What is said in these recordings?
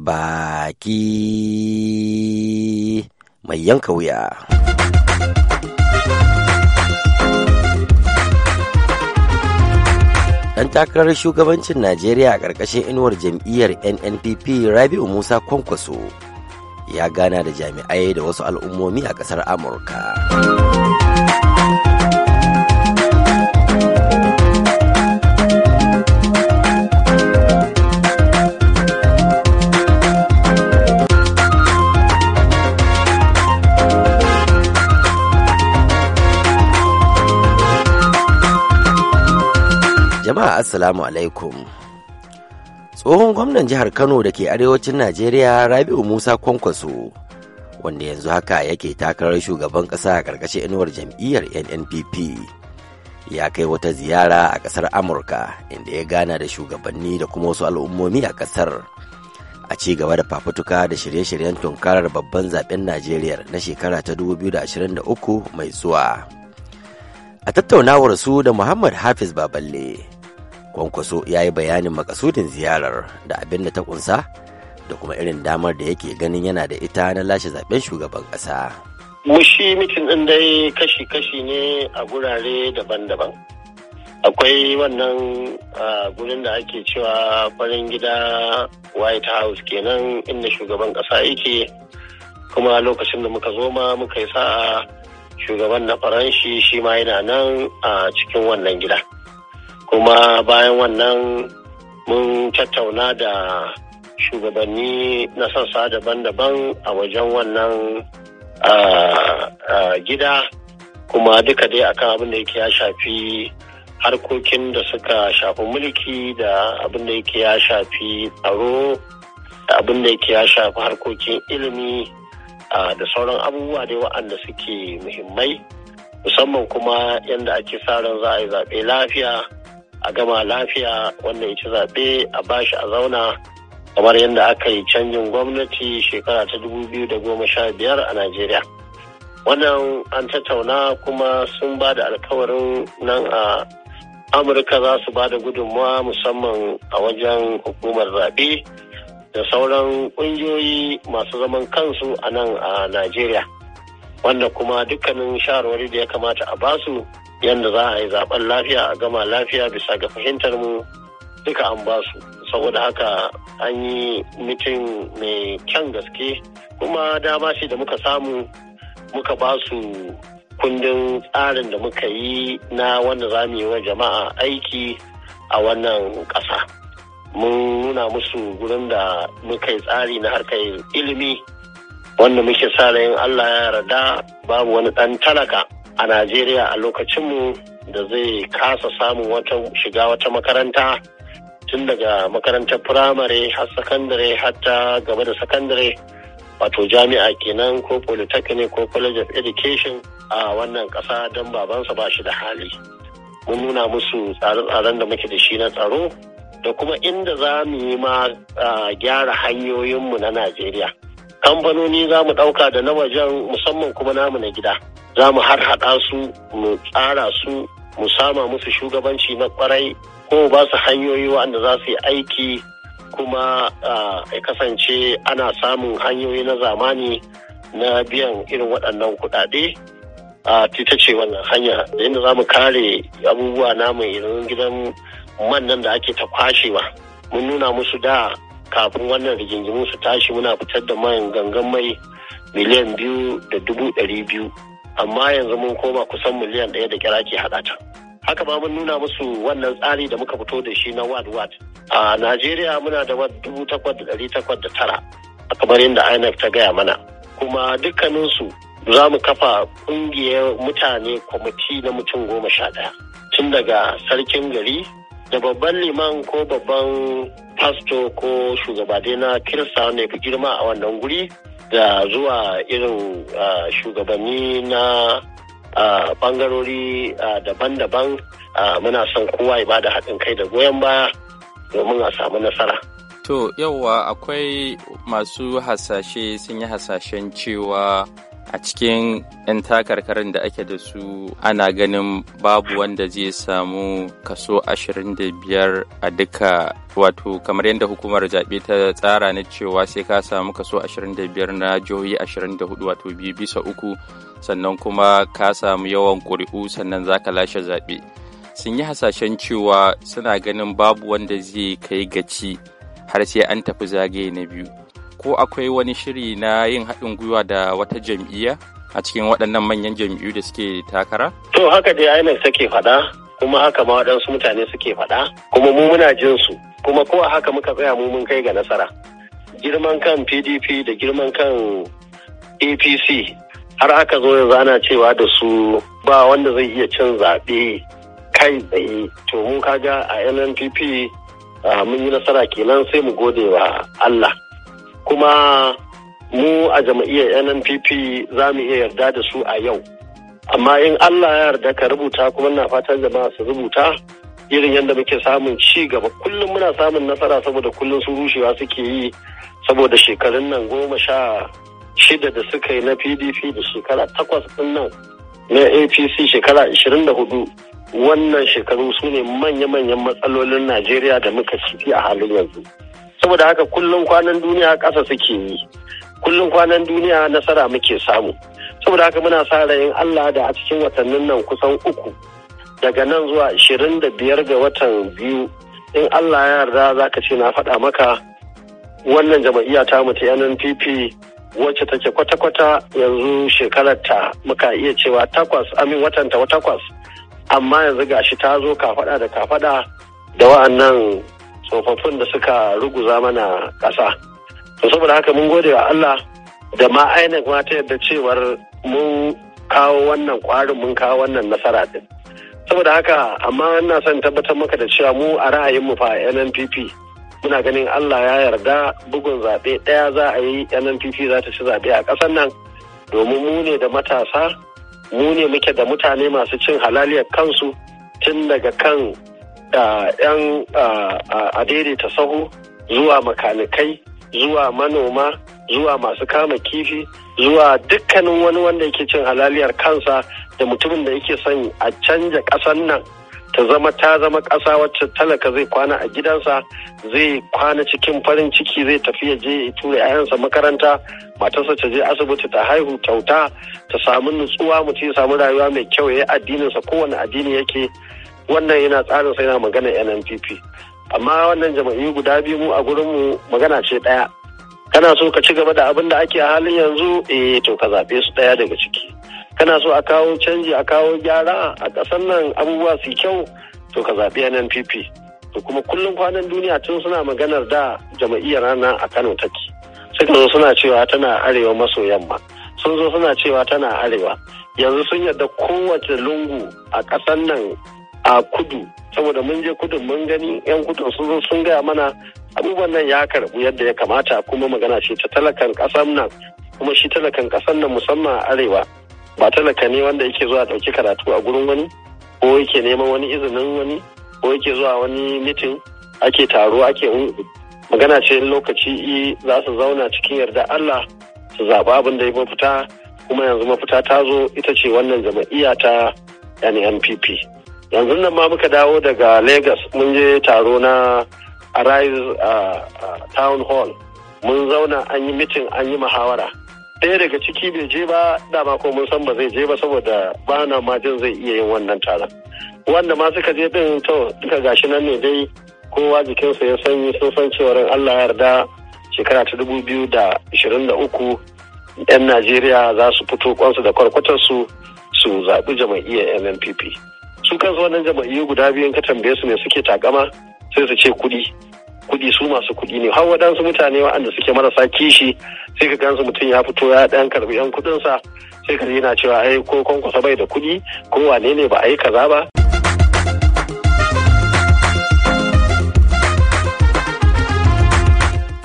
baki mai yanka wuya. Ɗan takarar shugabancin Najeriya a ƙarƙashin inuwar jam'iyyar NNPP Rabi'u Musa Kwankwaso ya gana da jami'ai da wasu al'ummomi a ƙasar Amurka. Jama'a Assalamu alaikum. Tsohon gwamnan jihar Kano da ke arewacin Najeriya Rabi'u Musa Kwankwaso, wanda yanzu haka yake takarar shugaban ƙasa a ƙarƙashin inuwar jam'iyyar NNPP, ya kai wata ziyara a ƙasar Amurka inda ya gana da shugabanni da kuma wasu al'ummomi a ƙasar. A ci gaba da fafutuka da shirye-shiryen tunkarar babban zaben Najeriya na shekara ta 2023 mai zuwa. a tattaunawar su da Muhammad Hafiz Baballe kwankwaso ya yi bayanin makasudin ziyarar da abin da ta kunsa da kuma irin damar da yake ganin yana da ita na lashe zaben shugaban ƙasa. mushi mitin ɗin dai kashi-kashi ne a gurare daban-daban akwai wannan gurin da ake cewa farin gida white house kenan inda shugaban ƙasa yake kuma lokacin da muka zo ma muka yi sa'a shugaban na faranshi shi ma yana nan a cikin wannan gida. kuma bayan wannan mun tattauna da shugabanni na sassa daban-daban a wajen wannan gida kuma duka dai akan abin da yake ya shafi harkokin da suka shafi mulki da abin da yake ya shafi tsaro da abin da yake ya shafi harkokin ilimi da sauran abubuwa dai wa'anda suke muhimmai musamman kuma yadda ake sa ran za a yi zaɓe lafiya a gama lafiya wanda ya ci zaɓe a bashi a zauna kamar yadda aka yi canjin gwamnati shekara ta da goma sha biyar a Najeriya. Wannan an tattauna kuma sun ba da alkawarin nan a Amurka za su ba da gudunmawa musamman a wajen hukumar zaɓe da sauran ƙungiyoyi masu zaman kansu a nan a Najeriya. Wanda kuma dukkanin shawarwari da ya kamata a basu yadda za a yi zaben lafiya a gama lafiya bisa ga fahimtar mu duka an ba su saboda haka an yi mitin mai kyan gaske kuma dama shi da muka samu muka ba su kundin tsarin da muka yi na wanda za mu yi wa jama'a aiki a wannan ƙasa mun nuna musu gurin da muka yi tsari na harkar ilimi wanda muke sa yin allah ya yarda babu wani ɗan talaka a najeriya a lokacinmu da zai kasa samun wata shiga wata makaranta tun daga makarantar firamare har sakandare hatta gaba da sakandare wato jami'a kenan ko polytechnic ko college of education a wannan ƙasa don babansa ba shi da hali mun nuna musu tsare-tsaren da muke da shi na tsaro da kuma inda za mu yi ma gyara hanyoyinmu na najeriya kamfanoni za mu ɗauka da na wajen musamman kuma namu na gida za mu har haɗa su mu tsara su mu sama musu shugabanci na kwarai ko ba su hanyoyi waɗanda za su yi aiki kuma ya kasance ana samun hanyoyi na zamani na biyan irin waɗannan kuɗaɗe a tita ce wannan hanya da yadda za mu kare abubuwa namu irin gidan man nan da ake ta kwashewa mun nuna musu da kafin wannan rigingimu su tashi muna fitar da man gangan mai miliyan biyu da dubu ɗari biyu amma yanzu mun koma kusan miliyan ɗaya da kira ke haɗa ta haka ba mun nuna musu wannan tsari da muka fito da shi na ward ward a najeriya muna da ward dubu takwas da ɗari takwas da tara a kamar yadda inec ta gaya mana kuma dukkaninsu za mu kafa ƙungiyar mutane kwamiti na mutum goma sha ɗaya tun daga sarkin gari da babban liman ko babban pasto ko shugaba dai na kirista wanda fi girma a wannan guri da zuwa irin shugabanni na bangarori daban-daban muna son kowa ya bada haɗin kai da goyon baya domin a samu nasara. To yauwa akwai masu hasashe sun yi hasashen cewa a cikin 'yan takarkarin da ake da su ana ganin babu wanda zai samu kaso 25 a duka wato kamar yadda hukumar zaɓe ta tsara na cewa sai ka samu kaso 25 na jihohi 24 wato biyu bisa uku sannan kuma ka samu yawan ƙuri'u sannan za ka lashe zaɓe sun yi hasashen cewa suna ganin babu wanda zai kai gaci har sai an tafi zagaye na biyu ko akwai wani shiri na yin haɗin gwiwa da wata jam'iyya a cikin waɗannan manyan jam'iyyu da suke takara? To haka dai INEC suke faɗa kuma haka ma waɗansu mutane suke faɗa kuma mu muna jin su kuma ko haka muka tsaya mu mun kai ga nasara. Girman kan PDP da girman kan APC har aka zo yanzu ana cewa da su ba wanda zai iya cin zaɓe kai tsaye to mun kaga a NNPP mun yi nasara kenan sai mu gode wa Allah. kuma mu a jam'iyyar nnpp za mu iya yarda da su a yau amma in allah ya yarda ka rubuta kuma na fatan jama'a su rubuta irin yadda muke samun ci gaba kullum muna samun nasara saboda kullum su rushewa suke yi saboda shekarun nan goma sha shida da suka yi na pdp da shekara takwas ɗin nan na apc shekara ashirin da hudu wannan shekaru su ne manya-manyan matsalolin najeriya da muka ciki a halin yanzu saboda haka kullum kwanan duniya ƙasa suke yi kullum kwanan duniya nasara muke samu saboda haka muna sa rayin Allah da a cikin watannin nan kusan uku daga nan zuwa ashirin da biyar ga watan biyu in Allah ya yarda za ka ce na faɗa maka wannan jama'iyya ta mu ta NNPP wacce take kwata-kwata yanzu shekarar ta. muka iya cewa takwas amin watanta takwas amma yanzu gashi ta zo kafaɗa da kafaɗa da wa'annan tsofaffin da suka ruguza mana ƙasa to saboda haka mun gode wa Allah da ma ainihin ma ta yadda cewar mun kawo wannan ƙwarin mun kawo wannan nasara din saboda haka amma ina son tabbatar maka da cewa mu a ra'ayin mu fa NNPP muna ganin Allah ya yarda bugun zaɓe ɗaya za a yi NNPP za ta ci zaɓe a ƙasar nan domin mu ne da matasa mu ne muke da mutane masu cin halaliyar kansu tun daga kan da 'yan a daidaita sahu zuwa makanikai zuwa manoma zuwa masu kama kifi zuwa dukkanin wani wanda yake cin halaliyar kansa da mutumin da yake son a canja ƙasan nan ta zama ta zama ƙasa wacce talaka zai kwana a gidansa zai kwana cikin farin ciki zai tafi ya je ya tura 'ya'yansa makaranta matarsa ta je asibiti ta haihu kyauta ta samu nutsuwa mutum ya samu rayuwa mai kyau ya yi addininsa kowane addini yake wannan yana tsarin sai na magana NNPP amma wannan jama'i guda biyu mu a gurin mu magana ce ɗaya kana so ka ci gaba da abin da ake a halin yanzu eh to ka zaɓe su ɗaya daga ciki kana so a kawo canji a kawo gyara a ƙasar nan abubuwa su kyau to ka zaɓi NNPP to kuma kullum kwanan duniya tun suna maganar da jama'iyyar rana a Kano take suka zo suna cewa tana arewa maso yamma sun zo suna cewa tana arewa yanzu sun yarda kowace lungu a ƙasar nan a kudu saboda mun je kudu mun gani yan kudu sun zo sun gaya mana abubuwan nan ya karbu yadda ya kamata kuma magana ce ta talakan kasan nan kuma shi talakan kasan nan musamman a arewa ba talaka ne wanda yake zuwa dauki karatu a gurin wani ko yake neman wani izinin wani ko yake zuwa wani mitin ake taro ake magana ce lokaci i za su zauna cikin yarda Allah su zaba abin da ya mafita kuma yanzu mafita ta zo ita ce wannan jama'iyya ta yani NPP. yanzu nan ma muka dawo daga lagos mun je taro na arise ah, ah, town hall mun zauna an yi mitin an yi muhawara ɗaya daga ciki bai je ba dama ko mun san ba zai je ba saboda ba na ma zai iya yin wannan taron wanda ma suka je ɗin to duka gashi nan ne dai kowa jikinsa ya sanyi sun san cewar allah yarda shekara ta dubu biyu da ishirin da uku 'yan najeriya za su fito kwansu da kwarkwatar su zaɓi jama'iyyar nnpp su kansu wannan jama'iyyu guda biyu ka tambaye su ne suke takama sai su ce kuɗi kuɗi su masu kuɗi ne har waɗansu mutane waɗanda suke marasa kishi sai ka gansu mutum ya fito ya ɗan karbi yan kuɗinsa sai ka yana cewa ai ko kwankwasa bai da kuɗi ko wane ne ba a yi kaza ba.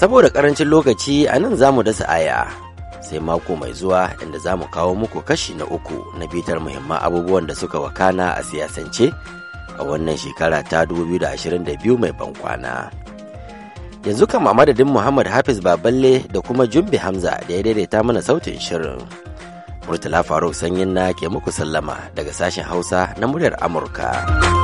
Saboda karancin lokaci a nan za mu dasa aya sai mako mai zuwa inda za mu kawo muku kashi na uku na bitar muhimman abubuwan da suka wakana a siyasance a wannan shekara ta 2022 mai bankwana. Yanzu kan a madadin Muhammad Hafiz Baballe da kuma Jumbi Hamza da ya daidaita mana sautin shirin. Murtala Faruk Sanyin na ke muku sallama daga sashen Hausa na muryar Amurka.